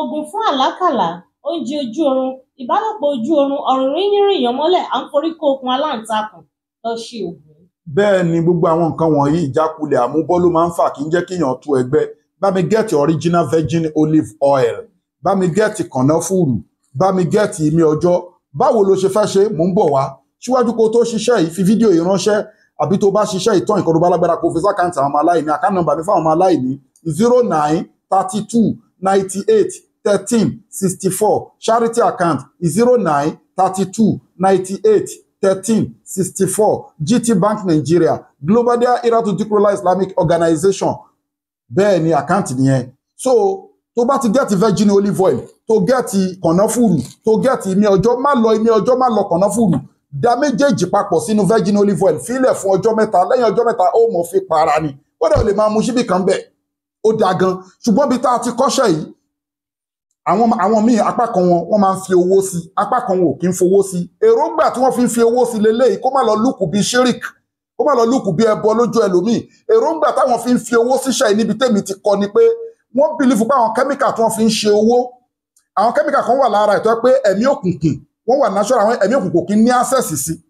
Ògùn fún àlákàlà, oúnjẹ ojú orun, ìbálòpọ̀ ojú orun, ọ̀rùn rínrìn ìyànmọ́lẹ̀, à ń forí kó okun aláǹtakùn lọ ṣe ògùn. Bẹ́ẹ̀ ni gbogbo àwọn nǹkan wọ̀nyí ìjákulẹ̀ àmúbọ́ ló máa ń fà kí ń jẹ́ kéèyàn tú ẹgbẹ́. Bá mi original virgin olive oil, bá mi gẹ́ẹ̀tì kànáfùrù, bá mi gẹ́ẹ̀tì imí ọjọ́. Báwo lo ṣe fẹ́ ṣe mò ń bọ̀ wá? Síwájú kó tó ṣiṣẹ́ yìí fi fídíò yìí ránṣẹ́ àbí tó bá ṣiṣẹ́ ìtàn ìkọ́dọ̀ bá lágbára kó fi àwọn ọmọ aláìní. Àkáǹtì ní fáwọn ọmọ aláìní zero nine thirty two ninety eight thirteen sixty four charity account zero nine thirty two ninety eight thirteen sixty four GT Bank Nigeria Global Dahiratu Dhikrlahi Islamic Organization bẹ́ẹ̀ ni àkáǹtì nìyẹn so tó bá ti gẹ́ẹ̀tì virgin olive oil tó get kànáfùrù tó gẹ́ẹ̀tì ìmí ọjọ́ má lọ ìmí ọjọ́ má lọ kànáfùrù da méjèèjì papọ̀ sínú virgin olive oil fílẹ̀ fún ọjọ́ mẹ́ta lẹ́yìn ọjọ́ mẹ́ta ó mọ̀ fi para ni wọ́n dẹ̀ lè máa mu síbì bẹ́ẹ̀ ó da gan ṣùgbọ́n bí tá a ti kọ́ṣẹ́ yìí àwọn àwọn míì apá kan wọn wọ́n máa ń fi owó sí apá kan wọn ò kí ń fowó sí èròǹgbà tí wọ́n fi ń fi owó sí leléyìí kó má lọ lùkù bíi shirik kó má lọ lùkù bíi ẹbọ lójú ẹlòmíì èròǹgbà táwọn fi ń fi owó síṣẹ́ níbi tèmi ti kọ́ ni pé wọ́n bìlífù pé àwọn kẹ́míkà tí wọ́n fi ń ṣe owó àwọn kẹ́míkà kan wà lára ìtọ́ pé ẹ̀mí òkùnkùn wọ́n wà náṣọ́ra àwọn ẹ̀mí òkùnkùn kì í ní access sí kì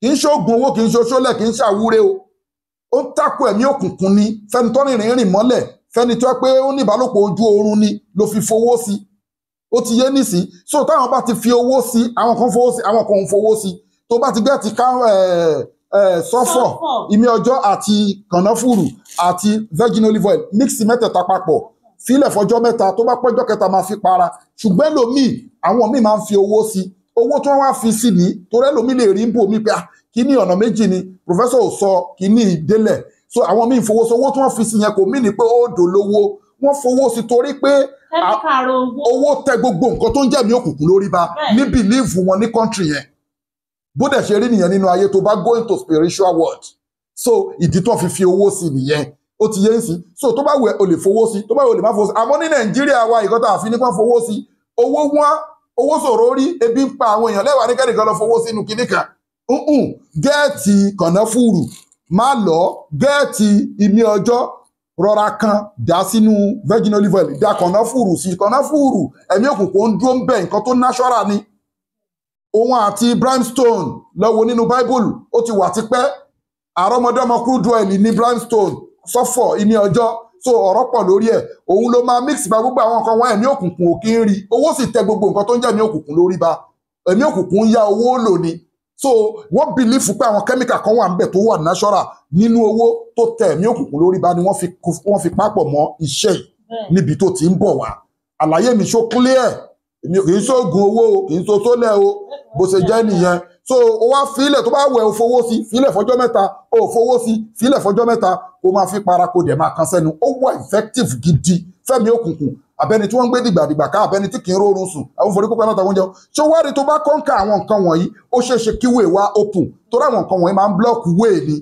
kì í ṣe o ó ń tako ẹ̀mí òkùnkùn ni fẹ́ni fẹ́ni tó pé ó ní ìbálòpọ̀ ojú oorun ni ló fi fowó sí ó ti yé nìsí so táwọn bá ti fi owó sí àwọn kan fowó sí àwọn kan ń fowó sí tó bá ti gẹ́ ti ká sọ́fọ̀ ìmí ọjọ́ àti kànáfùrù àti virgin olive oil mix mẹ́tẹ̀ẹ̀ta papọ̀ fílẹ̀ fọjọ́ mẹ́ta tó bá pẹ́jọ́ kẹta máa fi para ṣùgbọ́n lòmíì àwọn míì máa ń fi owó sí owó tí wọ́n wá fi sí ní torí ẹlòmíì lè rí bò mí pé ah, kíní ọ̀nà méjì ni professor ò sọ kíní ìdélẹ̀ so àwọn míì fowósowó tí wọ́n fi sí yẹn kò mí ní pé ó dolówó wọ́n fowó sí torí pé owó tẹ gbogbo nǹkan tó ń jẹ̀mí òkùnkùn lórí ba ní bìlíìfù wọn ní kọ́ńtì yẹn bó dẹ̀ ṣe rí nìyẹn nínú ayé tó bá going to spiritual world so ìdí tó fi fi owó sí nìyẹn ó ti yé ń sí so tó bá wẹ o lè fowó sí tó bá wẹ o lè má fowó sí àmọ́ ní nàìjíríà wa ìkọ́ta àfi nípa fowó sí owó wọn owó ṣòro rí ebi ń pa àwọn èèyàn lẹ́wàá ní kẹ́nìkan lọ fowó sínú kíníkà gẹ́ẹ̀tì kànáfùrù má lọ gẹ́ẹ̀tì imí ọjọ́ rọra kan dá sínú virgin olive oil dá kànáfùrù sí kànáfùrù ẹ̀mí òkùnkùn ń dúró ń bẹ̀ nǹkan tó natural ni òun àti brimstone lọ́wọ́ nínú bible ó ti wà tipẹ́ àrọ́mọdọ́mọ crude oil ní brimstone sọ́fọ̀ imí ọjọ́ so ọ̀rọ̀ pọ̀ lórí ẹ̀ òun ló máa mix ba gbogbo àwọn nǹkan wọn ẹ̀mí òkùnkùn ò kí ń rí owó sì tẹ gbogbo nǹkan tó ń jẹ́ ẹ̀mí òkùnkùn lórí ba ẹ̀mí òkùnkùn ń yá owó lò ni so wọ́n bìlífù pé àwọn kẹ́míkà kan wà níbẹ̀ tó wà natural nínú owó tó tẹ̀ mí òkùnkùn lórí bá ni wọ́n fi pápọ̀ mọ́ iṣẹ́ yìí níbi tó ti ń bọ̀ wá àlàyé mi ṣó clear èmi kì í ṣoògùn owó o kì í so sólẹ̀ o bó ṣe jẹ́ nìyẹn so o wá fílẹ̀ tó bá wẹ̀ o fowó sí fílẹ̀ fọjọ́ mẹ́ta o fowó sí fílẹ̀ fọjọ́ mẹ́ta o máa fi para kó dẹ̀ máa kan sẹ́nu ó wà effective gidi fẹ́mi òkùnkùn abẹ́ni tí wọ́n ń gbé dìgbàdìgbà ká abẹ́ni tí kì í rórun sùn àwọn forí kópa náà jẹun ṣé wá tó bá kọ́ńkà àwọn nǹkan wọ̀nyí ó ṣeé ṣe kí wèé wá open torí àwọn nǹkan wọ̀nyí máa ń blọ́ọ̀kù wèé ni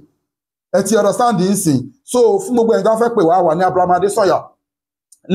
ẹ ti understand ń sìn so fún gbogbo ẹni tó fẹ́ pè wá wà ní Abraham Adésànyà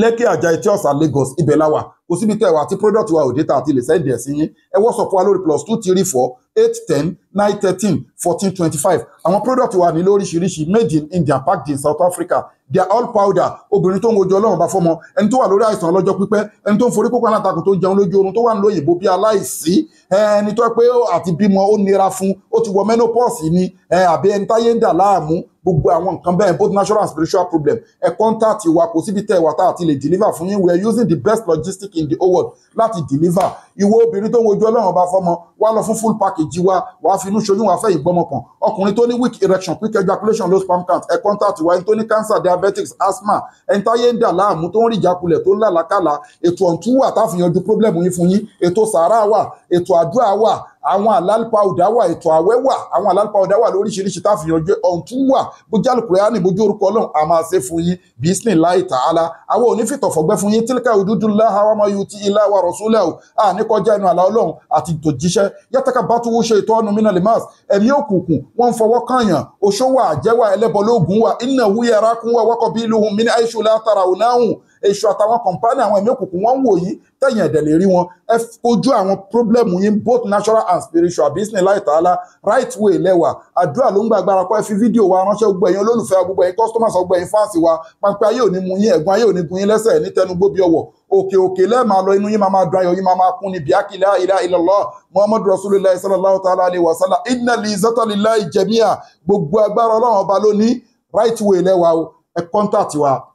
Lẹ́kì Àjà Ẹ̀tí Ọ̀sà Lagos ibẹ̀ láwà kò síbi tẹ́ wà tí product wa ò dé ta àti lè sẹ́ndì ẹ̀ sí yín ẹ WhatsApp wa plus two three four eight ten nine thirteen fourteen twenty five àwọn product wa ní lóríṣiríṣi made in India packed in South Africa they are all powder obìnrin tó ń wojú ọlọ́run bá fọ́mọ ẹni tó wà lórí àìsàn ọlọ́jọ́ pípẹ́ ẹni tó ń forí kókó alátakò tó ń jẹun lójú oorun tó wà ń lo òyìnbó bí aláìsí ẹni tó pé àti bímọ ó nira fún ó ti wọ menopause ni àbí ẹni táyé ń dà láàmú gbogbo àwọn nǹkan bẹ́ẹ̀ both natural and spiritual problem ẹ contact wa kò síbi tẹ́ wà tá àti lè deliver fún yín we are using the best logistic in the whole world láti deliver ìwọ obìnrin tó ń wojú ọlọ́run ọba fọmọ wá lọ fún full package wa wàá finú ṣoyún wàá fẹ́ ìgbọ́mọ pọ̀n ọkùnrin tó ní weak erection quick ejaculation low sperm count ẹ̀ contact wa ẹni tó ní cancer diabetics asthma ẹni táyé ń dà láàmú tó ń rí ìjákulẹ̀ tó ń làlákàlà ètò ọ̀ǹtún wà táfìyànjú problem yín fún yín ètò sàárà wà ètò àdúrà wà àwọn àlálùpà ọ̀dà wà ètò àwẹ̀ wà àwọn àlálùpà ọ̀dà wà lóríṣiríṣi tá a fi yanjú ọ̀tún wà bójú àlùkùránì bójú orúkọ ọlọ́run a máa ṣe fún yín bísíní láì tààlà àwọn onífìtọ̀ fún yín tílíkà òdúdú láha wàmọ̀ yóò ti ilá wa rọ̀súlẹ̀ o a ní kọjá inú àlá ọlọ́run àti tòjíṣẹ́ yàtàkà bá tún ṣe ètò ọ̀nù mínà lèmọ́s ẹ̀mí òkùnkùn wọ́n ń fọwọ́ kànyàn oṣó wà àjẹ́wà ẹlẹ́bọ lóògùn èṣù àtàwọn kọ̀ǹpánì àwọn ẹ̀mí òkùnkùn wọ́n ń wò yín tẹ̀yìn ẹ̀dẹ̀ lè rí wọn ẹ kojú àwọn problem yín both natural and spiritual business láì tààlà right way lẹ́wà àdúrà ló ń gba agbára kọ́ ẹ fi fídíò wa ránṣẹ́ gbogbo ẹ̀yin olólùfẹ́ gbogbo ẹ̀yin customers gbogbo ẹ̀yin fans wa pampẹ́ ayé ò ní mu yín ẹ̀gbọ́n ayé ò ní gun yín lẹ́sẹ̀ ní tẹnugbó bí ọwọ́ òkè òkè lẹ́ẹ̀ma lọ inú yín máa máa dùn ayọ̀ yín máa máa kún ní bíákì la ilaha illallah muhammadu rasulillah sallallahu ta'ala alayhi wa sallam inna li zatalillahi jami'a gbogbo agbára ọlọ́run ọba lónìí right way lẹ́wà o ẹ contact wa